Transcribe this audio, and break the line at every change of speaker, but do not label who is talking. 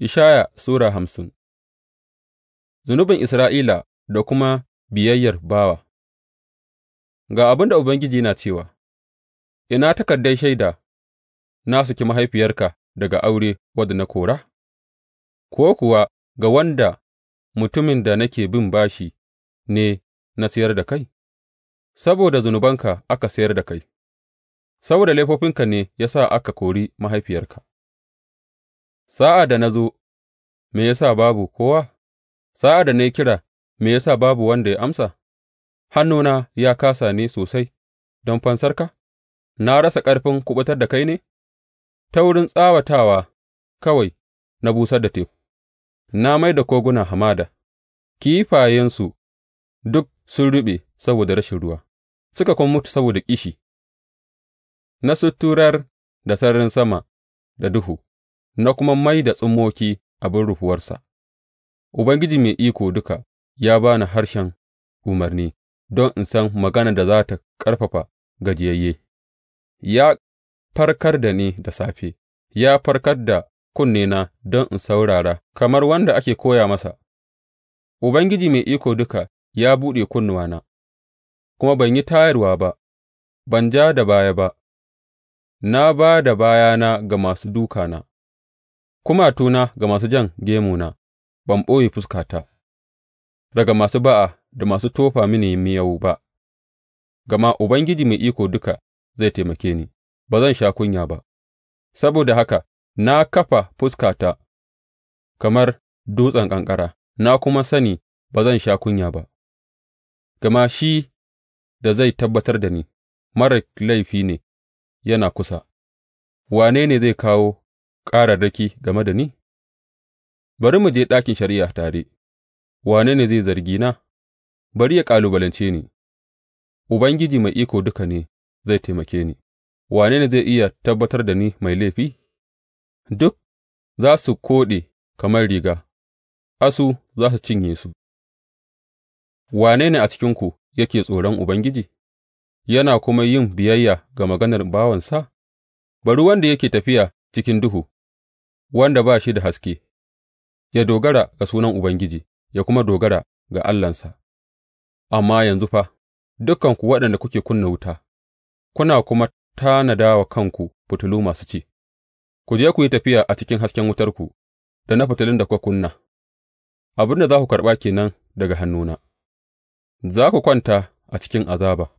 Ishaya Sura hamsin Zunubin Isra'ila da kuma biyayyar bawa Ga abin da Ubangiji na cewa, Ina takardar shaida na saki mahaifiyarka daga aure wadda na kora, ko kuwa ga wanda mutumin da nake bin bashi ne na sayar da kai? Saboda zunubanka aka sayar da kai, saboda laifofinka ne ya sa aka kori mahaifiyarka. Sa'ad da na zo, me ya sa babu kowa, sa'ad da na yi kira, me ya sa babu wanda ya amsa? Hannuna ya kasa ne sosai don fansarka, na rasa ƙarfin kuɓutar da kai ne, ta wurin tsawatawa kawai na busar da teku, na mai da koguna hamada, kifayensu duk sun ruɓe saboda rashin ruwa, suka kuma mutu saboda ƙishi, na suturar da sararin sama da duhu. na kuma mai da tsummoki abin rufuwarsa, Ubangiji Mai Iko Duka ya ba ni harshen umarni don in san maganar da za tă ƙarfafa gajiyayye, ya farkar da ni da safe, ya farkar da kunnena don in saurara kamar wanda ake koya masa, Ubangiji Mai Iko Duka ya buɗe kunnuwana, kuma ban yi tayarwa ba, ban ja da baya ba, na ba da bayana ga masu dukana. kumatuna ga masu jan gemuna ban ɓoye fuskata daga masu ba'a da masu tofa mini miyau ba, gama Ubangiji Mai Iko Duka zai taimake ni, ba zan sha kunya ba, saboda haka na kafa fuskata kamar dutsen ƙanƙara, na kuma sani ba zan sha kunya ba, gama shi da zai tabbatar da ni marar laifi ne yana kusa, wane ne zai kawo ƙararraki game da ni? Bari mu je ɗakin shari'a tare, wane ne zai zargi na? Bari ya ƙalubalance ni, Ubangiji mai iko duka ne zai taimake ni, wane ne zai iya tabbatar da ni mai laifi? Duk za su koɗe kamar riga, asu za su cinye su. Wane ne a cikinku yake tsoron Ubangiji, yana kuma yin biyayya ga maganar bawansa? Bari wanda yake tafiya cikin duhu wanda ba shi da haske, ya dogara ga sunan Ubangiji ya kuma dogara ga Allahnsa, amma yanzu fa, dukanku waɗanda kuke kunna wuta, kuna kuma tanada wa kanku fitilu masu ci, ku je ku yi tafiya a cikin hasken wutarku da na fitilun da kuka kunna, abin da za ku karɓa kenan daga hannuna, za ku kwanta a cikin azaba.